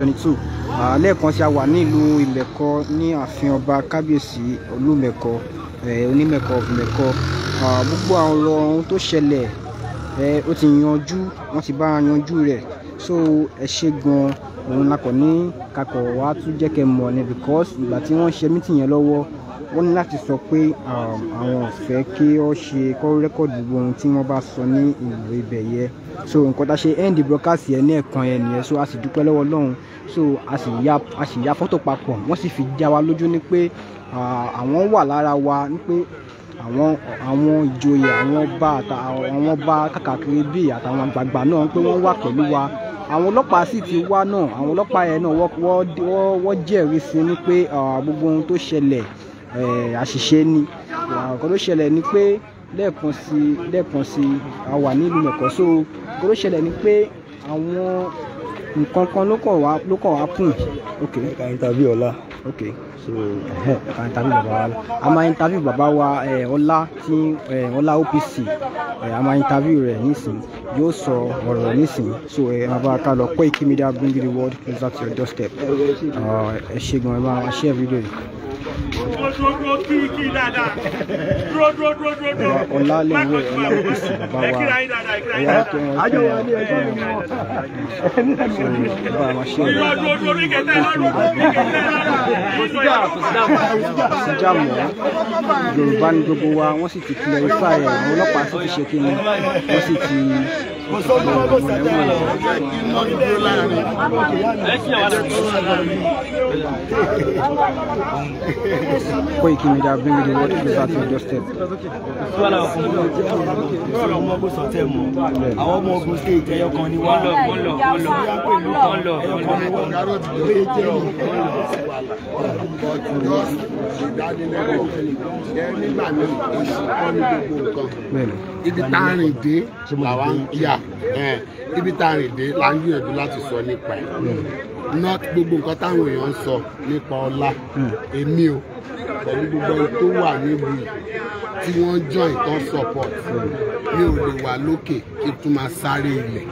22 lẹ́ẹ̀kan sí a wà nílùú ìmẹ̀kọ ní ààfin ọba kábíyèsí olúmẹ̀kọ onímẹ̀kọ ìmẹ̀kọ gbogbo àwọn ọ̀rọ̀ ohun tó ṣẹlẹ̀ ó ti yanjú wọ́n ti bá yanjú rẹ̀ so ẹ ṣe gan òun lakọ̀ ní kakọ̀ wa tún jẹ́ kẹ́ mọ̀ ni because ìgbà tí wọ́n ṣe mítìyẹn lọ́wọ́ wọ́n ní láti sọ pé um, àwọn ọ̀fẹ́ kí ó ṣe kọ́ rẹ́kọ̀dì gbogbo ohun tí wọ́n bá sọ ní ìlú ibẹ̀ yẹ so nǹkan tá a ṣe end broadcast yẹn ní ẹ̀kan yẹn nìyẹn so a sì dúpẹ́ lọ́wọ́ Ọlọ́run so a sì ya a sì ya fọ́tò papọ̀ wọ́n sì fi já wa lójú ní pé àwọn wà lára wa ní pé àwọn àwọn ìjòyè àwọn ọba àwọn ọba kàkàkiri bíi àtàwọn àgbààgbà náà pé wọ́n wà pẹ̀lú wa àwọn ọlọ́pàá sì ti wá náà àwọn ọlọ́pàá yẹn náà wọ́n jẹ́rìí sí ni pé gbogbo ohun tó ṣẹlẹ̀ Eh, àṣìṣe ni nǹkan ló ṣẹlẹ̀ ni pé lẹ́ẹ̀kan sí lẹ́ẹ̀kan sí a wà nílùú mẹ̀kọ́ so nǹkan ló ṣẹlẹ̀ ni pé àwọn nǹkan kan ló kàn wá ló kàn wá kùn. ok. interview ọ̀la. ok. okay ká interview bàbá wa a máa interview bàbá wa ọlá tí ọlá OPC a máa interview rẹ̀ nísìn yóò sọ ọ̀rọ̀ nísìn so ẹ máa bá a ká lọ Koiki Media bring the world closer to your doorstep ẹ ṣe gan ẹ máa share video yìí dúró kí kí dáadáa dúró dúró dúró dúró dúró ọlá lè wọ ọlá wọ kò sí bàbá wa ẹ kíra yín dáadáa ẹ kíra yín dáadáa àjọ wa ni ẹjọ mi mọ ẹni náà mi ò ní bá a ma ṣe ọlá dúró dúró dúró kẹtẹ lọrùn kẹtẹ lọrùn àṣìjà mọ́ Yorùbá ni gbogbo wa wọ́n sì ti clarify ẹ̀ àwọn sì ti ṣe kí ni sì ti kò sọ́dún wọn kò sẹ́tẹ̀ rẹ̀ ìmọ̀ ilé láàrin Koiki Media bring the world closer to your doorstep. Bọ́ọ̀lù ọmọ ogun sọ̀tẹ̀ mọ̀, àwọn ọmọ ogun state ẹyọ kan ni wọ́n lọ, wọ́n lọ, wọ́n lọ, wọ́n lọ, ẹyọ kan ni wọ́n lọ, wọ́n lọ. Ìdánilẹ́wọ̀ nígbà míì, oṣù kọ́ ní gbogbo nǹkan ibi tá a rìn dé làwa ń yà ibi tá a rìn dé là ń gbìyànjú láti sọ nípa ẹ̀ hmm. not gbogbo nǹkan táwọn èèyàn ń sọ nípa ọlá hmm. èmi o pẹ̀lú gbogbo ẹni tó wà nílùú tí wọ́n join tó support mi ò lè wà lókè kí n tún máa sáré ilẹ̀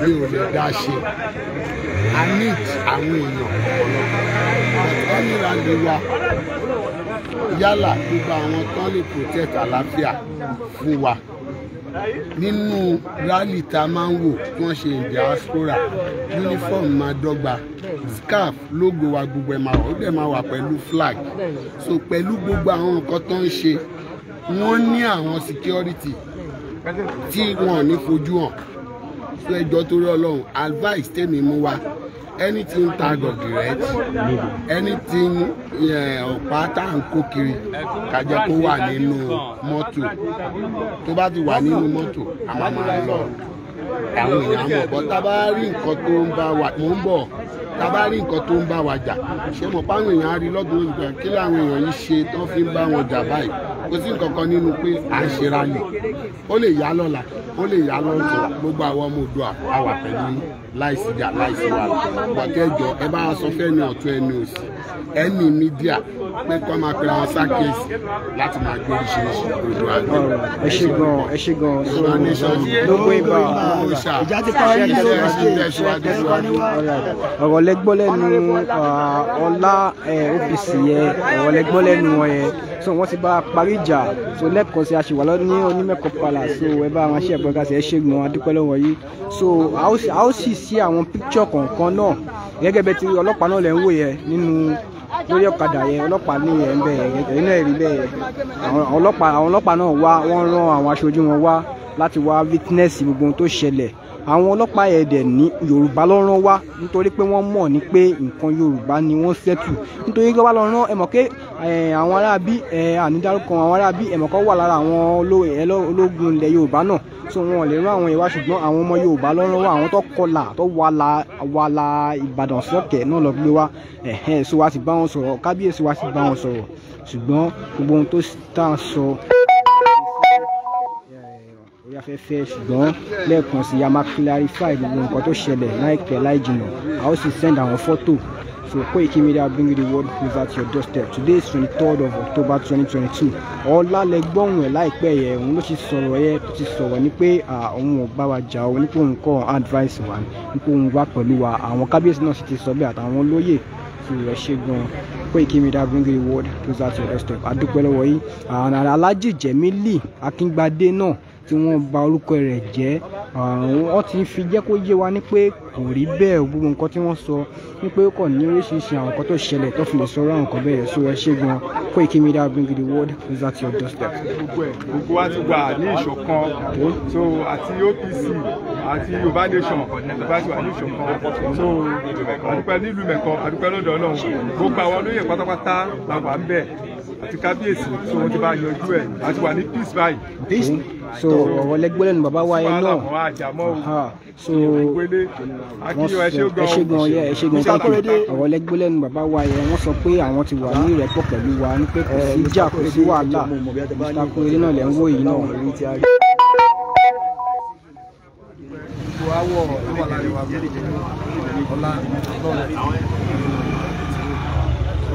mi ò lè dá ṣe i need àwọn èèyàn ọ̀pọ̀lọpọ̀ ọ̀nìyàn lè wa yálà gbogbo àwọn tán lè protect àlàáfíà fún wa nínú rally tá a máa ń wò tí wọ́n ṣe diaspora uniform máa dọ́gba scarf logo wa gbogbo ẹ̀ máa wà ó dẹ̀ máa wà pẹ̀lú flag so pẹ̀lú gbogbo àwọn nǹkan tó ń ṣe wọ́n ní àwọn security tí wọn ò ní fojú hàn so ẹjọ́ torí ọlọ́run advice tèmi mú wa anything tag of the red anything ọ̀pá tá à ń kó kiri kájọ kó wà nínú mọ́tò tó bá ti wà nínú mọ́tò a máa máa lọ àwọn èèyàn mọ̀ bọ́ tá a bá rí nǹkan tó ń bá wa mò ń bọ̀ tá a bá rí nǹkan tó ń bá wa jà ṣé mo pa àwọn èèyàn á rí lọ́dún ìgbà kí làwọn èèyàn yìí ṣe tó fi ń bá wọn jà báyìí kò sí nǹkan kan nínú pé à ń ṣe ra lè ó lè yá lọ́la ó lè yá lọ́la gbogbo àwọn ọmọ Oòduà àwà pẹ̀lú yín láìsí ìjà láìsí wàhálà pàtẹ́jọ ẹ bá sọ fẹ́ni ọ̀tún ẹni òsì ẹni mídíà pé kọ́ máa pera wọn sákèsì láti máa gbé oríṣiríṣi gbogbo àgbẹ̀. ẹ ṣe gan ẹ ṣe gan so lóko ìgbà ìjà ti parí ọ̀rọ̀ lẹ́gbọ́lẹ́nu ọlá uh, eh, OPC yẹ ọ̀rọ̀ lẹ́gbọ́lẹ́nu wọn so wọ́n ti bá a parí ìjà so lẹ́ẹ̀kan sí aṣèwà lọ ní onímẹ̀kọ́ palace so ẹ bá wọn ṣe ẹ̀gbọ́n gàṣẹ́ ṣègùn adúpẹ́ lọ́wọ́ yìí so a ó sì sí àwọn picture kọ̀ọ̀kan náà gẹ́gẹ́ bẹ́ẹ̀ ti ọlọ́pàá náà lẹ́ ń wò yẹ nínú lórí ọ̀kadà yẹn ọlọ́pàá ní ẹ̀ ń bẹ̀ ẹ̀ náà rí bẹ́ẹ̀ àwọn ọlọ́pàá náà wá wọ́n rán àwọn aṣojú wọn wá láti wá witness gbogbo ohun tó ṣẹlẹ̀ àwọn ọlọ́pàá ẹ̀dẹ̀ ní yorùbá ló rán wá nítorí pé wọ́n mọ̀ ní pé nǹkan yorùbá ni wọ́n ṣẹ́tù nítorí pé wọ́n lọ rán ẹ̀mọ̀ pé àwọn aráabí ànídárúkọ àwọn aráabí ẹ̀mọ̀kọ́ wà lára àwọn ológun ilẹ̀ yorùbá náà tí wọn lè rán àwọn ìwà ṣùgbọ́n àwọn ọmọ yorùbá ló rán wá àwọn tó kọlà tó wàlà ìbàdàn sọ́kẹ̀ náà lọ gbé wá ẹ̀hẹ́n so wa ti bá wọn sọ̀rọ̀ kábíyèsí wa ti bá wọn sọ̀rọ̀ ṣùgbọ́n gbogbo ohun tó tá a sọ afẹ́fẹ́ ṣùgbọ́n lẹ́ẹ̀kan sí a máa clarify gbogbo nǹkan tó ṣẹlẹ̀ láìpẹ́ láì jìnnà a ó sì send àwọn fọ́tò So Koiki Media bring you the world closer to your doorstep. Today is 23rd of October 2022. Ọlá lẹ gbọ́hùn ẹ̀ láìpẹ́ yẹ òun ló ti sọ̀rọ̀ yẹ tó ti sọ̀rọ̀ ní pé òun ò bá wa jà ó ní pé òun kọ́ advice wa ní pé òun wá pẹ̀lú wa àwọn kábíyèsí náà sì ti sọ bẹ́ẹ̀ àtàwọn olóyè tí rẹ̀ ṣe gan-an Koiki Media bring you the world closer to your doorstep. Adúpẹ́ lọ́wọ́ yìí àwọn alájì Jẹ̀mílì Akíngbadé náà tí wọ́n ba orúkọ rẹ̀ jẹ́ wọ́n ti fi jẹ́ kó yé wa ní pé kò rí bẹ́ẹ̀ gbogbo nǹkan tí wọ́n sọ ní pé ó kàn ní oríṣiríṣi àwọn nǹkan tó ṣẹlẹ̀ tó fi lè sọ ọ́rọ́ àwọn nǹkan bẹ́ẹ̀ so ẹ ṣé gan Koiki Media bring the world closer to your doorstep. gbogbo ẹ gbogbo wa ti wà ní ìṣọ̀kan so àti OPC àti Yorùbá nation Yorùbá ti wà ní ìṣọ̀kan so àdúpẹ́ nílùú mẹ́kọ àdúpẹ́ lọ́dọ̀ Ọlọ́run gbogbo àwọn olóyè pátápátá làwà ń bẹ̀ àti kábíyèsí tí wọ́n ti bá yọjú ẹ̀ àti wà ní peace báyìí so ọ̀rọ̀ lẹ́gbẹ́lẹ́ nu bàbá wa yẹn náà so wọ́n sọ ẹ ṣe gan yẹ ẹ ṣe gan tàkì ọ̀rọ̀ lẹ́gbẹ́lẹ́ nu bàbá wa yẹn wọ́n sọ pé àwọn ti wà ní ìrẹ́pọ̀ pẹ̀lú wa ní pé kò sí jà kò sí wàhálà Mr. Korede náà lẹ́ ń wò yìí náà. Awọ ọlọ́wọ́ lárí wa bí ọlá lọ́rọ̀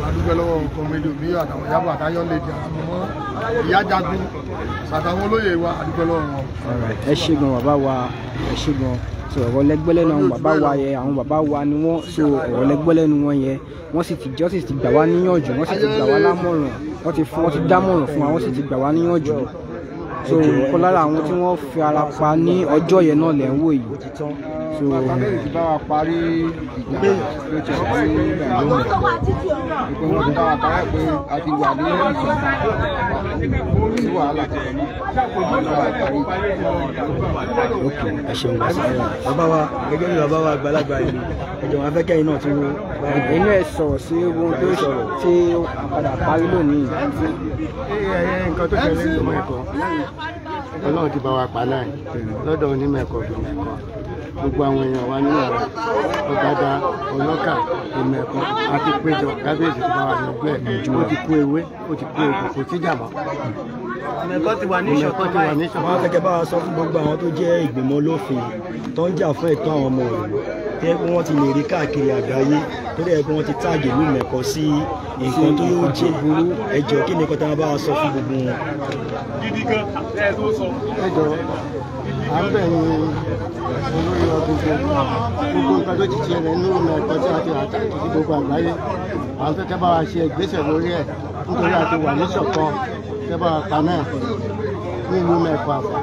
adúgbò lọ́wọ́ nǹkan mélòó bí àtàwọn Ìyábọ̀ àtàyọ̀ lèdè àtàwọn ìyájagun àtàwọn olóyè wa adúgbò lọ́wọ́ wọn. ẹ ṣé gan bàbá wa ẹ ṣé gan so ọ̀rọ̀ lẹ́gbẹ́lẹ́ náà bàbá wa yẹ àwọn bàbá wa ni wọ́n so ọ̀rọ̀ lẹ́gbẹ́lẹ́ ni wọ́n yẹ wọ́n sì ti jọ́ ti gbà wá níyànjú wọ́n sì ti gbà wá lámọ̀ràn wọ́n ti dámọ̀ràn fún wa wọ́n sì ti gbà wá níyànjú so nǹkan lára àwọn tí wọ́n fi ara pa ní ọjọ́ yẹn náà lẹ̀ ń wò yìí so. bàbáyé ti bá wa parí ìjà ló ti ṣe ní ìgbàlódé ìpè wọn ti bá wa parí pé a ti wà ní ìjọba sí wàhálà ok ẹ ṣeun bàbá wa gẹ́gẹ́ bí bàbá wa àgbàlagbà yìí ẹjọ wọn afẹkẹyìn náà ti wo ìbínú ẹ̀ sọ̀rọ̀ sí ohun tó sọ̀rọ̀ tí a padà parí lónìí. nǹkan tó ṣẹlẹ̀ ló mọ̀ ẹ̀kọ́ ọlọ́run ti bá wa pa láì lọ́dọ̀ onímẹ̀kọ́ bí mẹ̀kọ́ gbogbo àwọn èèyàn wa nínú ọ̀rọ̀ ọ̀gádà ọlọ́kà ìmẹ̀kọ́ àti péjọ kábíyèsí ti bá wa lọ bẹ́ẹ̀ ó ti kú ewé ó ti kú egbò kò tíjà mọ́. ìmẹ̀kọ́ ti wà ní ìṣọ̀kan báyìí. wọ́n á fẹ́kẹ́ bá wa sọ fún gbogbo àwọn tó jẹ́ ìgbìmọ̀ tẹ́ pé wọ́n ti lè rí káàkiri àgbáyé tó dẹ̀ pé wọ́n ti táàgì ìlú mẹ́kọ sí nǹkan tó yóò jẹ́ burú ẹjọ́ kí ni kọ́tà bá sọ fún gbogbo wọn. gidi gan ẹ tó sọ. ẹ jọ ń bẹ̀ ní olórí ọdún gbogbo gbogbo nǹkan tó ti tiẹ̀ rẹ̀ nínú mẹ́kọ tí a ti rà táàgì sí gbogbo àgbáyé à ń fẹ́ bá wa ṣe ìgbésẹ̀ lórí ẹ̀ nítorí a wà ní ṣọ̀kan kẹ́ bá wa pa náà nílùú mẹ́kọ àfọ̀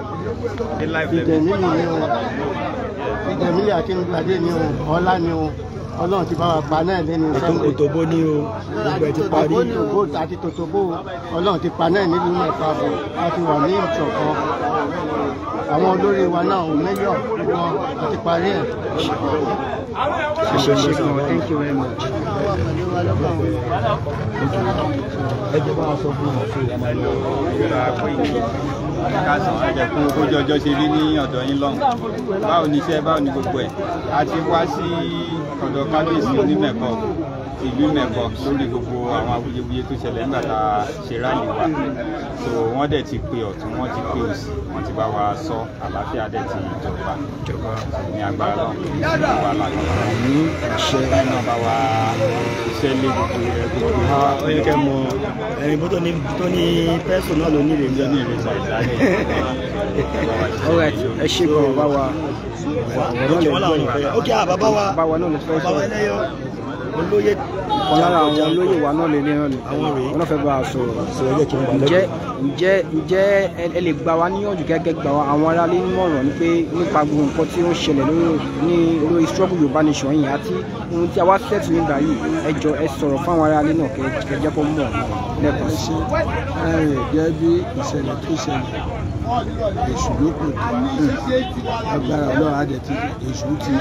Emily Akíngbadé ni o ọlá ni o ọlọ́run ti bá wa pa náà lẹ́nu sunday òtòbó ni o gbogbo ẹ̀ ti parí òtòbó àti tòtòbó ọlọ́run ti pa náà nílùú mẹ́ta bọ̀ a ti wà ní ìṣọ̀kan àwọn olórí wa náà ò mẹ́yọ̀ wọn a ti parí ẹ̀. Thank you very much. ẹ̀kún ṣe rí ní ọ̀dọ̀ yín lọ́hùn báwo ni iṣẹ́ báwo ni gbogbo ẹ̀ a ti wá sí ọ̀dọ̀ kábíyèsí onímẹ̀kọ́ ìlú mẹ́kọ lórí gbogbo àwọn awuyewuye tó ṣẹlẹ̀ nígbà tá a ṣe rálì wa so wọ́n dẹ̀ ti pe ọ̀tún wọ́n ti pe òsì wọ́n ti bá wa sọ àlàáfíà dẹ̀ ti jọba ní agbára lọ wà lágbára. ní àṣẹ náà bá wa iṣẹ́ lé gbogbo rẹ̀ gbogbo wa. Ah, ó yẹ kẹ́ mọ ẹ̀rín bó tó ní tó ní pẹ́sù ló ní ìrètí. ní ìrètí àìsàlẹ̀. ẹ ṣe kọ̀ bá wa. ó kí àbá bá wa bá wa náà lè fẹ́ ah, sọ olóyè kan lára àwọn olóyè wa náà lè ní ìrànlẹ àwọn rèé wọn náà fẹ́ bá a sọ̀rọ̀ sọ̀rọ̀ jẹ́ kí wọn lọ. ǹjẹ́ ǹjẹ́ ǹjẹ́ ẹ lè gbà wá níyànjú gẹ́gẹ́ gbà wá àwọn aráalé nímọ̀ràn ni pé nípa gbogbo nǹkan tí ó ń ṣẹlẹ̀ ní lórí struggle Yorùbá nation yìí àti ohun tí a wá sẹ́tù ní ìgbà yìí ẹ jọ ẹ sọ̀rọ̀ fáwọn aráalé náà kẹ́ kó mọ̀ lẹ́kọ̀ọ́ sí. ẹ rẹ̀ gẹ́gẹ́ bí ìṣẹ̀lẹ̀ tó ṣẹlẹ̀ èṣù ló kù lágbára ọlọ́run àdẹ̀tí èṣù ti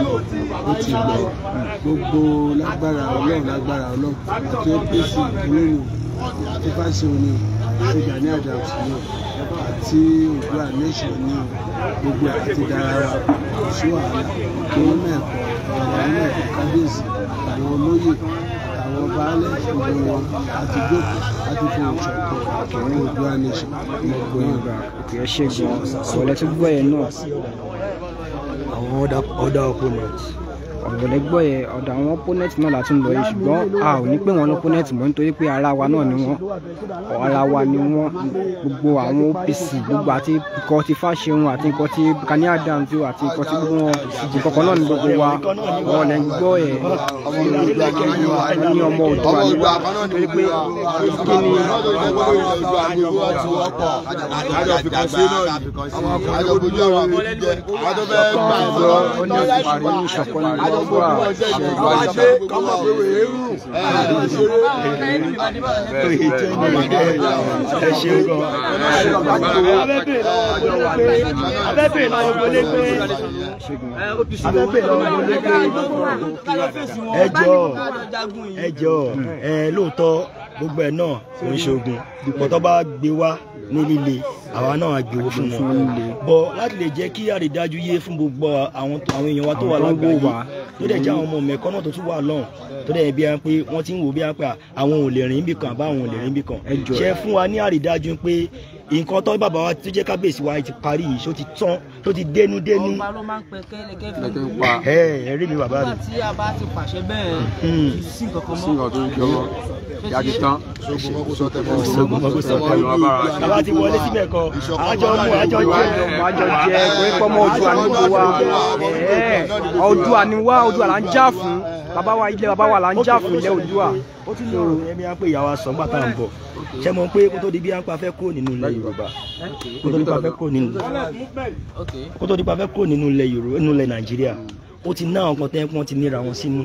ó ti lọ gbogbo lágbára ọlọ́run lágbára ọlọ́run àti apc ìdúró tó bá ṣe òní àti Gani Adams ni àti Oòduà nation ni gbogbo àti darawa ìṣúwàhálà gómìnà ẹ̀kọ́ ọ̀rọ̀ ẹ̀kọ́ kábíyèsí àwọn olóyè àwọn baálé ìlú wọn àti jókòó láti fi ìṣọ̀kan àtọ̀run Oòduà nation ọmọ gbóyìn ra. òkè ẹ gbọ́ yẹn náà. àwọn other other opponents ọ̀rọ̀lẹ́ gbọ́ yẹ ọ̀dọ̀ àwọn opponent náà la tún lọ yìí ṣùgbọ́n a ò ní pè wọ́n lọ́pọ́nẹ́tì mọ́ nítorí pé ara wa náà ni wọ́n ara wa ni wọ́n gbogbo àwọn OPC gbogbo àti ikọ̀ ti Fáṣẹ̀hun àti ikọ̀ ti Gani Adams àti ikọ̀ ti gbogbo wọn ìkọ̀kọ̀ náà ni gbogbo wa ọ̀rọ̀lẹ́ gbọ́ yẹ ní ọmọ Oòduà ni wá pé kí ni ọmọ lẹ́nu ọ̀pọ̀ ọ̀pọ̀ ọ̀pọ̀ ọ̀pọ̀ àwọn àjẹ kọ́mọ pé ẹ lóòótọ́ gbogbo ẹ̀ náà kò ń ṣoògùn bọ̀ tó bá gbé wá ní líle àwa náà á gbé owó fún wọn bọ̀ láti lè jẹ́ kí àrídájú yé fún gbogbo àwọn èèyàn wa tó wà lágbàáyé tó dẹ̀ jẹ́ àwọn ọmọ mẹ́kọ́ náà tó tún wà lọ́hùn tó dẹ̀ bí wọ́n pé wọ́n ti ń wò bí wọ́n pé àwọn ò lè rìn bí kan àbáwọn ò lè rìn bí kan ṣe fún wa ní àrídájú pé nǹkan tó bàbá wa tó jẹ́ kábíyèsí wa ti parí yìí tó ti tán tó ti dénú dénú. ọba ló máa ń pẹ kẹ́lẹ́kẹ́ fún mi. ẹ ẹ rí mi bàbá mi. nígbà tí a bá ti pàṣẹ bẹ́ẹ̀ hmm. kì í sí nǹkan kan mọ́ yàgì tán àwa ti wọlé síbẹ̀ kọ àjọ mú àjọ jẹ àjọ jẹ pé pọ́nmọ́ ojú àníwá ojú àníwá ojú àlá ń jà fún bàbá wa ilé bàbá wa là ń jà fún ilé Oòduà. ó tún ní ọ̀rọ̀ yẹn bí wọ́n pè ìyá wa sọ nígbà tá à ń bọ̀ ṣe mọ̀ pé kó tó di bí wọ́n pa fẹ́ kúrò nínú ilẹ̀ Yorùbá kó tó di pa fẹ́ kúrò nínú ilẹ̀ Nàìjíríà ó ti ná àwọn kan tẹ́ wọ́n ti níra wọn sínú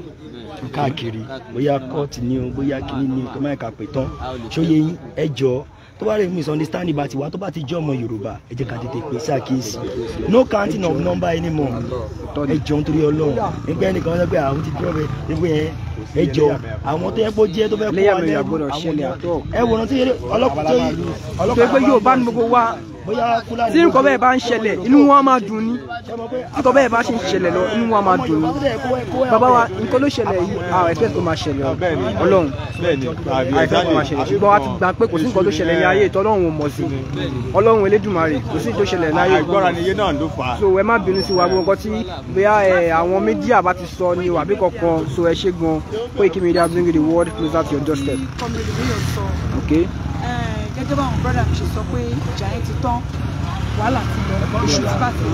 káàkiri bóyá kóòtù ni o bóyá kìíní ni kò má kà pé tán ṣóyè ẹjọ́ tó bá rẹ̀ misunderstanding bá ti wá tó bá ti jẹ́ ọmọ yorùbá ẹ jẹ́ ká tètè pè sí àkíyèsí no counting of number anymore ẹ jọ̀ọ́ nítorí ọlọ́run nígbà ẹnìkan sọ pé àwọn ti dúró bẹ nígbà yẹn ẹ jọ̀ọ́ àwọn tó yẹ kó jẹ́ tó fẹ́ kó wá lẹ́rù àwọn ẹ wòran tí ọlọ́pàá tó yí ọlọ́pàá tó yí. pé pé yóò bá ní gbogbo wa tí nǹkan bẹ́ẹ̀ bá ń ṣẹlẹ̀ inú wọn máa dùn ni tí nǹkan bẹ́ẹ̀ bá ṣe ń ṣẹlẹ̀ lọ inú wọn máa dùn ni bàbá wa nǹkan ló ṣẹlẹ̀ yìí àwọn ẹ̀fẹ́ tó máa ṣẹlẹ̀ ọlọ́run àìfẹ́ tó máa ṣẹlẹ̀ ṣùgbọ́n a ti gbà pé kò sí nǹkan tó ṣẹlẹ̀ ní ayé ìtọ́ ọlọ́run ò mọ̀ sí ọlọ́run elédùmarè kò sí tó ṣẹlẹ̀ láyé so ẹ má bínú sí wa gbogbo tí bóyá àwọn mídíà bá ti sọ ni wàbí kankan so ẹ ṣe gan Koiki Media bring the world closer to your doorstep. okay gẹ́gẹ́ bá brọ́dà mi ṣe sọ pé ìjà yẹn ti tán wàhálà ti lọ oṣù tí ti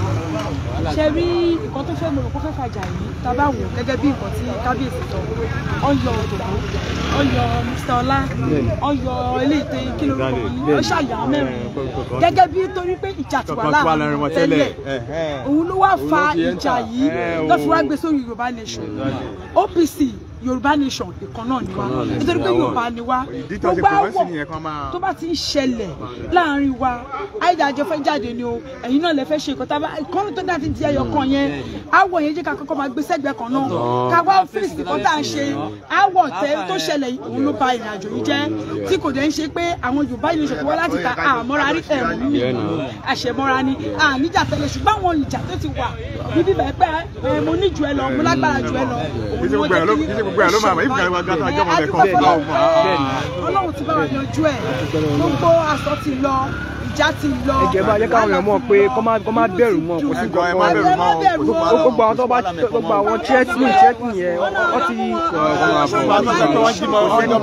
lọ ṣe rí nǹkan tó fẹ́ mọ̀rọ̀ kó fẹ́ fàjà yìí tá a bá wò gẹ́gẹ́ bí nǹkan tí kábíyèsí sọ ọyọ òdòdó ọyọ Mr Ọlá ọyọ ilé ìtẹ kí ló rọ ọ ṣàyà mẹ́rin gẹ́gẹ́ bí torí pé ìjà ti wà láàrin tẹ́lẹ̀ òun ló wá fa ìjà yìí lọ́fi wá Yorùbá nation OPC yorùbá nation ìkan náà ni wá nítorí pé yorùbá ni wá gbogbo àwọ̀ tó bá ti ń ṣẹlẹ̀ láàrin wa àìdájọ́ fẹ́ jáde ni o ẹ̀yin náà lè fẹ́ ṣe ìkọta ìkan tó dá ti di ẹyọ kan yẹn àwọ̀ yẹn jẹ́ ká kọ́kọ́ máa gbé sẹ́gbẹ́ kan náà ká wá fíìsì kan tá à ń ṣe àwọ̀ tẹ tó ṣẹlẹ̀ òun ló ba ìrìn àjò yìí jẹ́ tí kò dẹ̀ ń ṣe pé àwọn yorùbá nation tó wá láti ta àmọ́ra rí ẹ̀rù mi àṣẹmọ́ra ni àníjà tẹ́lẹ̀ ṣùgbọ́n àwọn ìjà tó ti wà níbi bẹ́ẹ̀ pé mo níjù ẹ lọ mo lágbára jù ẹ lọ òun ni wọ́n jẹ́ kí gbogbo ẹ̀ ló máa mọ̀ ìfúkà ìwà gàtà jọmọ̀ ẹ̀kọ́ fún ọmọ. ọlọ́run ti bá wa yanjú ẹ̀ gbogbo aṣọ ti lọ ìjà ti lọ. ẹ̀jẹ̀ bá yẹ káwọn èèyàn mọ̀ pé kọ́ má bẹ̀rù mọ́ kò sí gbọ́n mọ́ gbogbo àwọn tó bá gbogbo àwọn tíẹ́tìmù tíẹ́tìmù yẹn wọ́n ti. gbogbo àwọn tó wọ̀lú òun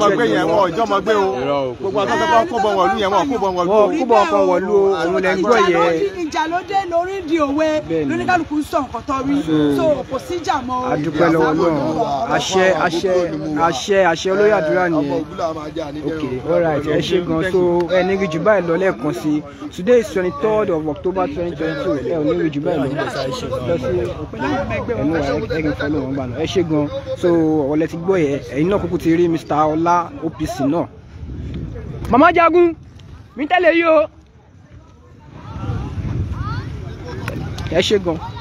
lẹ́ ń gbọ́ yẹ. ìjà ló dé lórí di òwe lóníkàlùkù ń sọ nǹkan tó rí so kò sí ìjà mọ́. adúpẹ́ lọ́wọ́ náà àṣẹ àṣẹ àṣẹ àṣẹ olóyè àdúrà nìyẹn ok all right ẹ ṣe gan so ẹ ní jù báyìí lọ lẹ́ẹ̀kan sí i today is twenty third of october twenty twenty two ẹ ò ní so ọ̀rọ̀ lẹ ti gbọ́ mr ọlá opc náà mama jagun mi tẹ́lẹ̀ yìí o ẹ ṣe